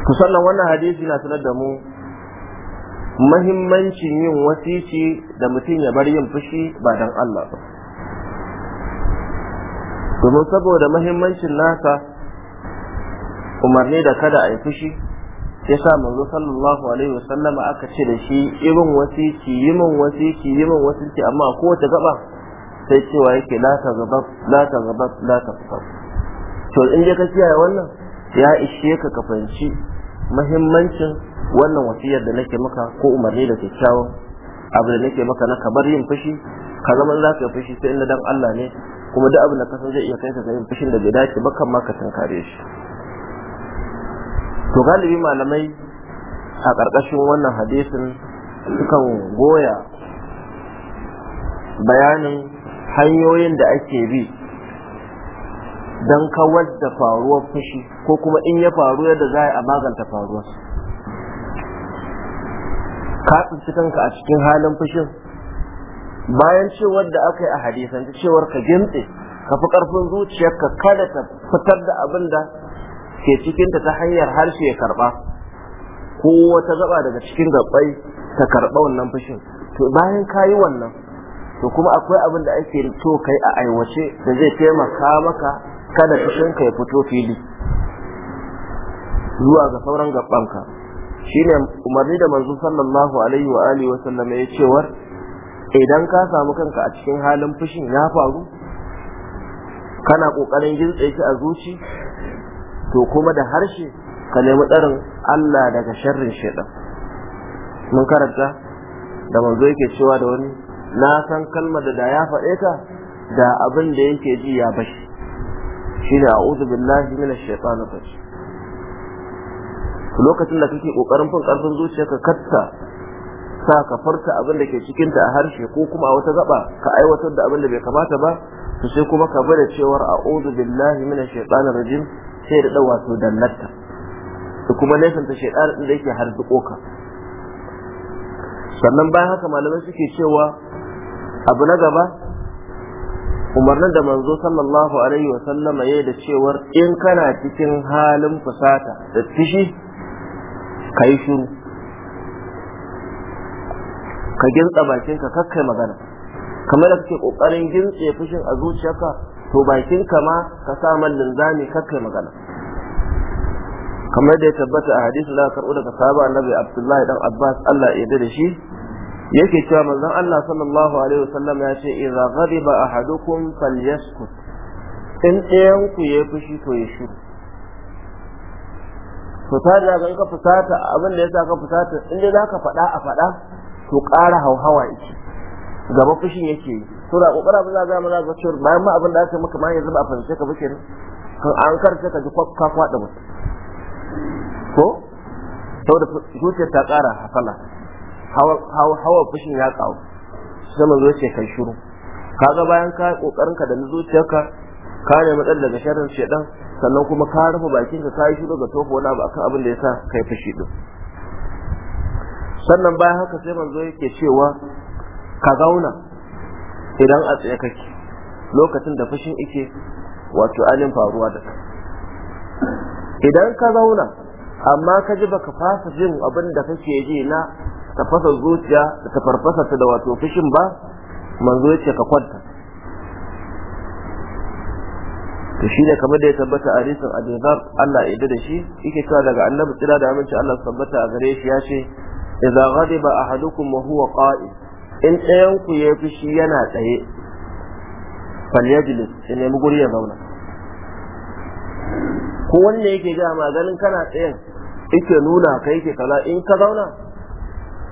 ku sannan wannan hadisi na sanar da mu mahimmancin yin wasici da mutum ya bar yin fushi ba dan Allah ba domin saboda mahimmancin nasa umarni da kada a yi fushi ya sa manzo sallallahu alaihi wasallama aka ce da shi irin wasiki yi min wasiki yi min wasiki amma kowace gaba sai cewa yake la ta gabab la ta gabab la ta to in ka kiyaye wannan ya ishe ka ka fahimci muhimmancin wannan wasiyar da nake maka ko umarni da kyakkyawan abu da nake maka na kamar yin fushi ka zama za ka fushi sai inda dan Allah ne kuma duk abu da ka san zai iya kai ka ga yin fushin da bai dace ba kan ma ka tunkare shi to galibi malamai a ƙarƙashin wannan hadisin sukan goya bayanin hanyoyin da ake bi don kawar da faruwar fushi ko kuma in ya faru yadda za a maganta faruwar ka tsinci kanka a cikin halin fushin bayan cewar da aka yi a hadisan cewar ka gimtse ka fi karfin zuciyarka kada ta fitar da abin da ke cikinta ta hanyar harshe ya karɓa ko wata gaba daga cikin gabbai ta karba wannan fushin to bayan ka yi wannan to kuma akwai abin da ake so kai a aiwace da zai taimaka maka kada ka ya fito fili zuwa ga sauran gabanka shine umarni da manzo sallallahu alaihi wa alihi wa sallam ya war idan ka samu kanka a cikin halin fushin ya faru kana kokarin gintse shi a zuci to kuma da harshe ka nemi tsarin Allah daga sharrin shaitan mun karanta da manzo yake cewa da wani na san kalmar da ya faɗe ta da abin da yake ji ya bashi bin Lahi billahi minash na rajim lokacin da kake kokarin fin karfin zuciyarka katta sa ka farta abin da ke cikin ta a harshe ko kuma a wata gaba ka aiwatar da abin da bai kamata ba to sai kuma ka bada cewar a'udhu billahi minash shaitanir rajim sai da wato dallata to kuma nesanta shaitan da yake harzuko ka sannan bayan haka malamai suke cewa abu na gaba umarnin da manzo sallallahu alaihi wa sallama yayi da cewar in kana cikin halin fusata da tishi kai shiru ka gintsa bakinka kakkai magana kamar da kake kokarin gintse fushin a zuciyarka to bakinka ma ka sa man linzami kakkai magana kamar da ya tabbata a hadisi da karɓo daga sahaba annabi Abdullahi dan Abbas Allah ya yarda da shi yake cewa manzon Allah sallallahu alaihi wasallam ya ce idza ghadiba ahadukum falyaskut in ɗayan ku ya fushi to ya shiru ta da ka fusata abin da yasa ka fusata in dai zaka faɗa a faɗa to ƙara hauhawa yake gaba fushin yake yi to da kokara ba za ga mana ga cewa bayan ma abin da aka maka ma yanzu ba a fahimce ka ba kenan kan an karce ka ji ka kwaɗa mutum ko saboda zuciyar ta ƙara hakala hawa fushin ya kawo sai manzo ce kai shiru kaga bayan ka kokarin ka da zuciyarka ka ne matsal daga sharrin shedan sannan kuma ka rufe bakin ka kai shiru ga tofa wala ba akan abin da yasa kai fushi din sannan bayan haka sai manzo yake cewa ka zauna idan a tsaye kake lokacin da fushin yake wato alin faruwa da kai idan ka zauna amma ka ji baka fasa jin abin da kake ji na tafasa zuciya da ta farfasa ta da wato fishin ba manzo yace ka kwanta to shi ne kamar da ya tabbata a risin abizar Allah ya da shi yake cewa daga annabi tsira da aminci Allah su tabbata a gare shi ya ce idza ghadiba ahadukum wa huwa qa'id in ɗayan ku ya fushi yana tsaye falyajlis ya nemi guri ya zauna ko wanne yake ga maganin kana tsayen yake nuna ka yake kaza in ka zauna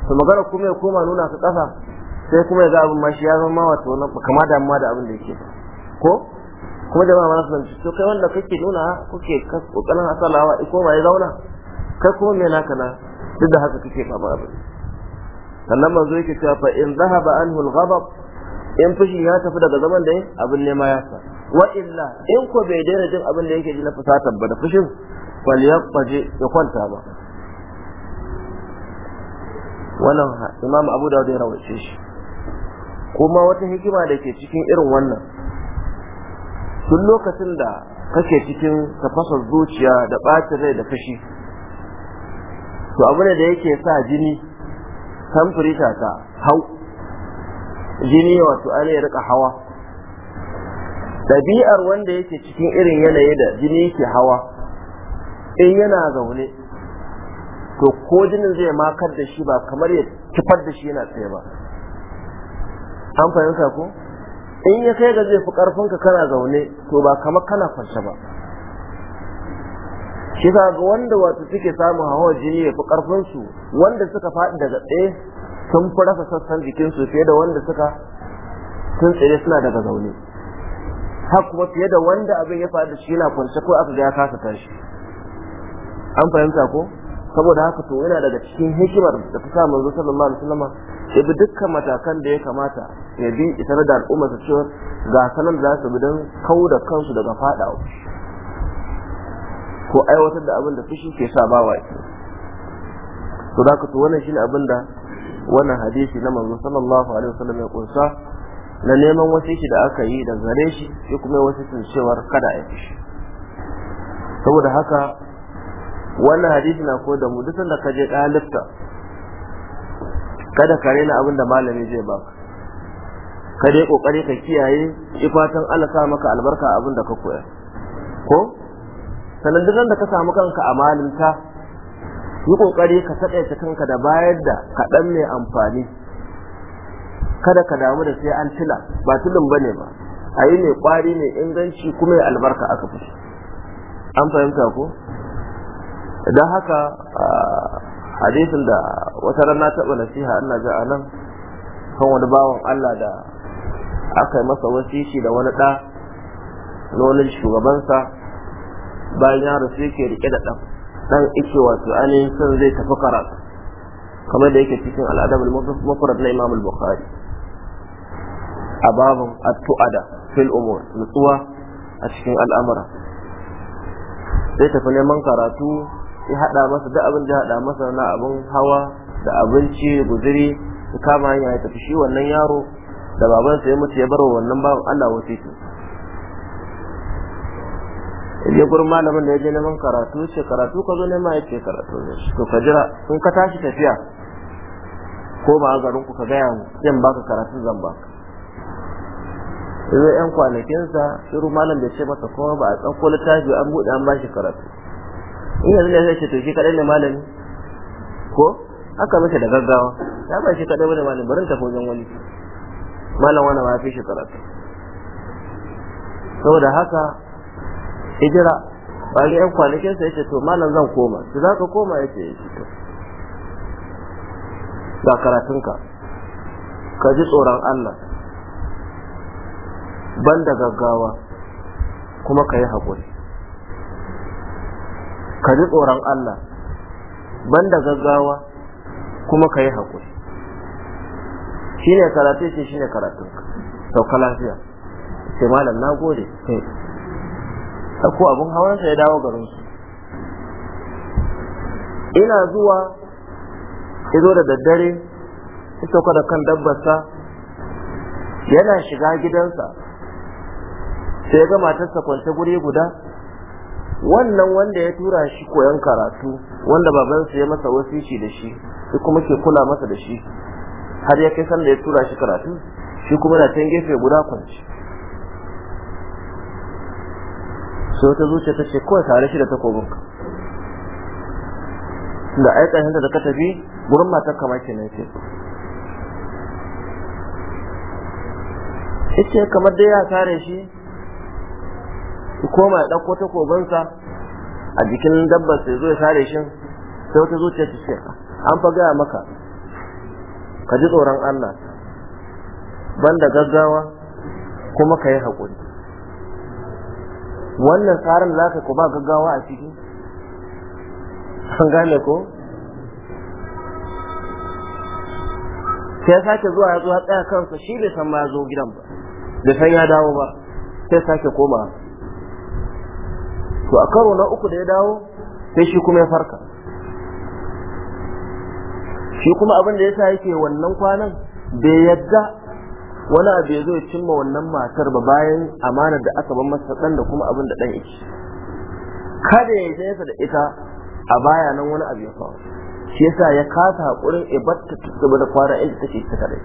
to magana kuma ya koma nuna ka kasa sai kuma ya ga abin mashi ya zama wato na kama da amma da abin da yake ko kuma jama'a ma su zanci to kai wanda kake nuna kuke kokarin asalawa iko koma ya zauna kai kuma me naka na duk da haka kake fama abin sannan manzo yake cewa fa in dhahaba anhu al-ghadab in fushi ya tafi daga zaman da abin nema ya sa wa illa in ko bai daina jin abin da yake ji na fusata ba da fushin fal yaqtaji ya kwanta ba wannan imam abu dawud ya rawace shi kuma wata hikima da ke cikin irin wannan tun lokacin da kake cikin tafasar zuciya da ɓacin rai da fashi to abu ne da yake sa jini tamfurita ta hau jini wato ana ya rika hawa dabi'ar wanda yake cikin irin yanayi da jini yake hawa in yana zaune to ko jinin zai makar da shi ba kamar ya kifar da shi yana tsaye ba an fahimta ko in ya kai ga zai fi karfinka kana zaune to ba kamar kana kwance ba shi ga wanda wato suke samun hawa jini ya fi karfinsu wanda suka faɗi daga tsaye sun fi rasa sassan jikinsu fiye da wanda suka sun tsaye suna daga zaune har kuma fiye da wanda abin ya faɗi da shi yana kwance ko aka ga ya kasa tashi an fahimta ko saboda haka to yana daga cikin hikimar da ta sa manzo sallallahu alaihi wasallam ya bi dukkan matakan da ya kamata ya bi isar da al'umma ta cewa ga sanan za su bi don kau da kansu daga fadawa ko aiwatar da abin da fushi ke sa ba wai to da ka to wannan shine abin da wannan hadisi na manzo sallallahu alaihi wasallam ya kunsa na neman shi da aka yi da gare shi ya kuma wasikin cewar kada a yi fushi saboda haka wannan hadisi na ko da mu duk sanda ka je ɗalibta kada ka rena abin da malami zai baka ka dai kokari ka kiyaye ifatan Allah sa maka albarka abin da ka koya ko sanan duk da ka samu kanka a malinta yi kokari ka sadaita kanka da bayar da kaɗan mai amfani kada ka damu da sai an tila ba tilin bane ba a yi mai kwari mai inganci kuma ya albarka aka fi an fahimta ko don haka hadisin da wata rana taɓa nasiha ana ji a nan kan wani bawan Allah da aka yi masa wasishi da wani ɗa na wani shugabansa bayan ya rasu yake rike da ɗan ɗan ike wato ainihin sun zai tafi karatu kamar da yake cikin al'adab al-mufrad na Imam al-Bukhari a babin at-tu'ada fil umur nutsuwa a cikin al'amura zai tafi neman karatu ya hada masa duk abin da ya hada masa na abin hawa da abinci guduri su kama hanya ya tafi shi wannan yaro da babansa ya mutu ya barwa wannan bawan Allah wasiki ya gurin malamin da ya je neman karatu ce karatu ka zo nema ya ce karatu ne to ka jira in ka tashi tafiya ko ba a garin ku ka gaya mu zan baka karatu zan baka yanzu yan kwanakinsa shiru malam ya ce masa kuma ba a tsakko littafi an buɗe an bashi karatu ina zai ne zai ce to shi kadai ne malami ko aka mace da gaggawa ya ba shi kadai wani malami barin tafi wajen wani malam wani ma fi shi karatu saboda haka hijira bayan yan kwanakin sa yace to malam zan koma to za ka koma yace shi to ga karatunka ka ji tsoron Allah ban da gaggawa kuma ka yi haƙuri ka ji tsoron Allah banda gaggawa kuma ka yi haƙuri shi ne karatu shi shi ne ka, sauka lafiya sai malam na gode sai. ko abin hawansa ya dawo garinsu ina zuwa izo da daddare ya sauka da kan dabbarsa yana shiga gidansa sai ya ga matarsa kwance guri guda wannan wanda ya tura shi koyon karatu wanda babansa ya masa shi da shi sai kuma ke kula masa da shi har ya kai san da ya tura shi karatu shi kuma na can gefe guda kwanci sai wata zuciya ta ce kawai tare shi da ka. da aikahin da ka tafi gurin matar kama kenan ce ita kamar dai ya tare shi su koma ya ɗauko kogonsa a jikin dabbar sai zo ya sare shi sai wata zuciya ta ce an fa gaya maka ka ji tsoron Allah banda gaggawa kuma ka yi haƙuri wannan tsarin za ka kuma gaggawa a ciki an gane ko sai ya sake zuwa ya zuwa tsaya kansa shi bai san ma ya zo gidan ba bai san ya dawo ba sai sake koma to a karo na uku da ya dawo sai shi kuma ya farka shi kuma abin da ya sa yake wannan kwanan bai yadda wani abu ya zo ya cimma wannan matar ba bayan amanar da aka ban masa dan da kuma abin da dan yake kada ya yasa da ita a baya nan wani abu ya faru shi yasa ya kasa hakurin ibatta ta gaba da fara inda take ta kadai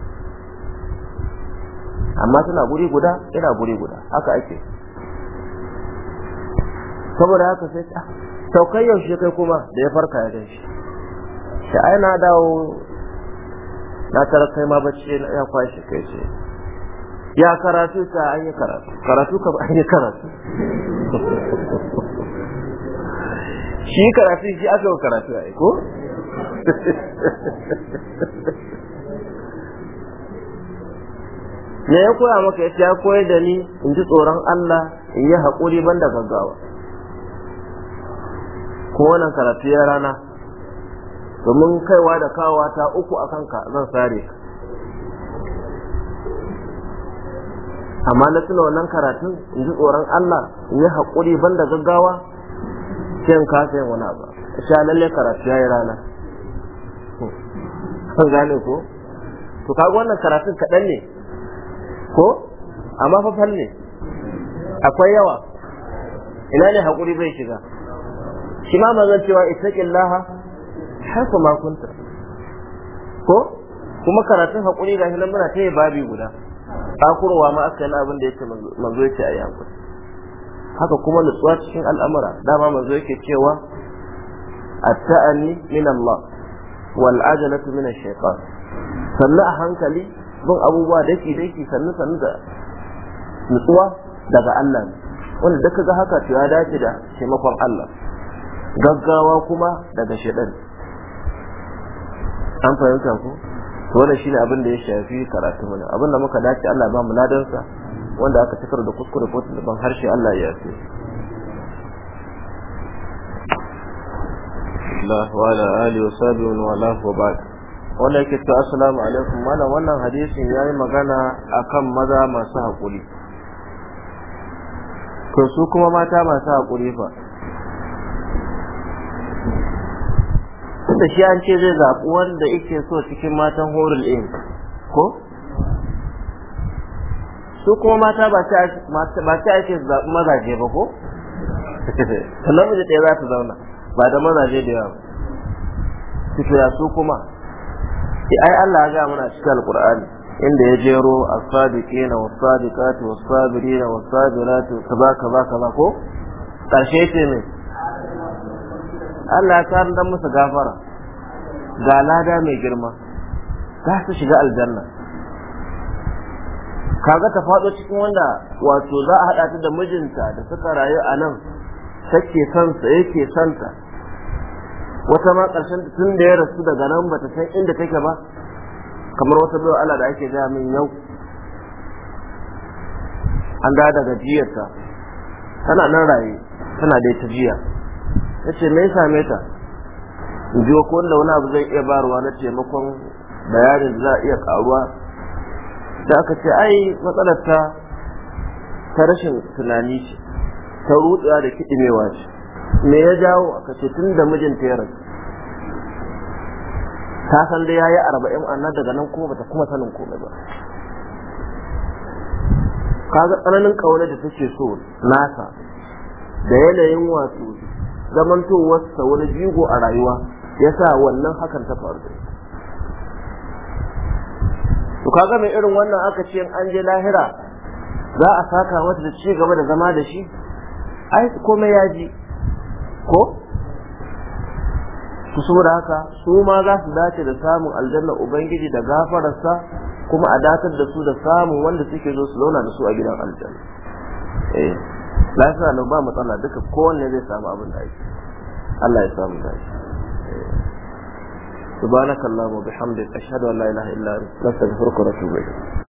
amma tana guri guda ina guri guda haka ake saboda haka sai ta saukai yaushe kai kuma da ya farka ya gan shi shi ai na dawo na tara kai ma bacci ya kwashe kai ce ya karatu ka an yi karatu karatu ka an yi karatu shi karatu shi aka yi karatu a ko me ya koya maka ya koyar da ni in ji tsoron Allah in yi haƙuri ban da gaggawa ko wannan karatu ya rana domin kaiwa da kawa ta uku a kanka zan sare amma na tuna wannan karatun in ji tsoron Allah in yi haƙuri ban da gaggawa sai in kasa yin wani abu sha lalle karatu ya yi rana kan gane ko to kaga wannan karatun kaɗan ne ko amma fa ne akwai yawa ina ne haƙuri bai shiga shi ma manzon cewa ittaqillaha haifu ma kunta ko kuma karatun hakuri gashi nan muna ta babi guda takurwa ma aka yi abin da yake manzo yake a yankun haka kuma nutsuwa cikin al'amura dama manzo yake cewa at-ta'anni min Allah wal ajalatu min ash-shaytan sannu a hankali bin abubuwa daki daki sannu sannu da nutsuwa daga Allah ne wanda da ga haka to ya dace da taimakon Allah gaggawa kuma daga shaɗan an fahimta ko wannan shine abin da ya shafi karatu mana abin da muka dace Allah ba mu ladansa wanda aka cikar da kuskure ko ban harshe Allah ya yafe Allah wa ala alihi wa sahbihi wa ala wa ba'd wannan yake to assalamu alaikum mana wannan hadisin yayi magana akan maza masu hakuri to su kuma mata masu hakuri fa da shi an ce zai zaɓi wanda yake so cikin matan horul in ko su kuma mata ba ta ake zaɓi mazaje ba ko namiji ɗaya za ta zauna ba da mazaje da yawa su ya su kuma ai Allah ya ga muna cikin alƙur'ani inda ya jero as-sadiqina was-sadiqati was-sabirina was-sabirati kaza kaza kaza ko ƙarshe ce ne Allah ya tsara dan masa gafara ga lada mai girma za su shiga aljanna kaga ta faɗo cikin wanda wato za a haɗa ta da mijinta da suka rayu a nan take sansa yake santa wata ma ƙarshen tun da ya rasu daga nan ba ta san inda take ba kamar wata bayan Allah da ake gaya min yau an da daga jiyarta tana nan raye tana dai ta jiya ce me ya same ta ji ko wanda wani abu zai iya barwa na taimakon bayanin za a iya karuwa da aka ce ai matsalar ta ta rashin tunani ce ta rutsuwa da kiɗimewa ce me ya jawo aka ce tun da mijinta ya rasu ta san dai yi arba'in anna daga nan kuma bata kuma sanin komai ba kaga tsananin ƙaunar da take so nasa da yanayin wato zamantowarsa wani jigo a rayuwa ya sa wannan hakan ta faru to kaga mai irin wannan aka ce an je lahira za a saka mata da ci gaba da zama da shi ai kuma ya ji ko su da haka su ma za su dace da samun aljanna ubangiji da gafararsa kuma a datar da su da samun wanda suke zo su launa da su a gidan aljanna eh. lafiya lau ba matsala duka kowanne zai samu abin da ake Allah ya samu da subhanakallahu wa bihamdika ashhadu an la ilaha illa anta astaghfiruka wa atubu ilayk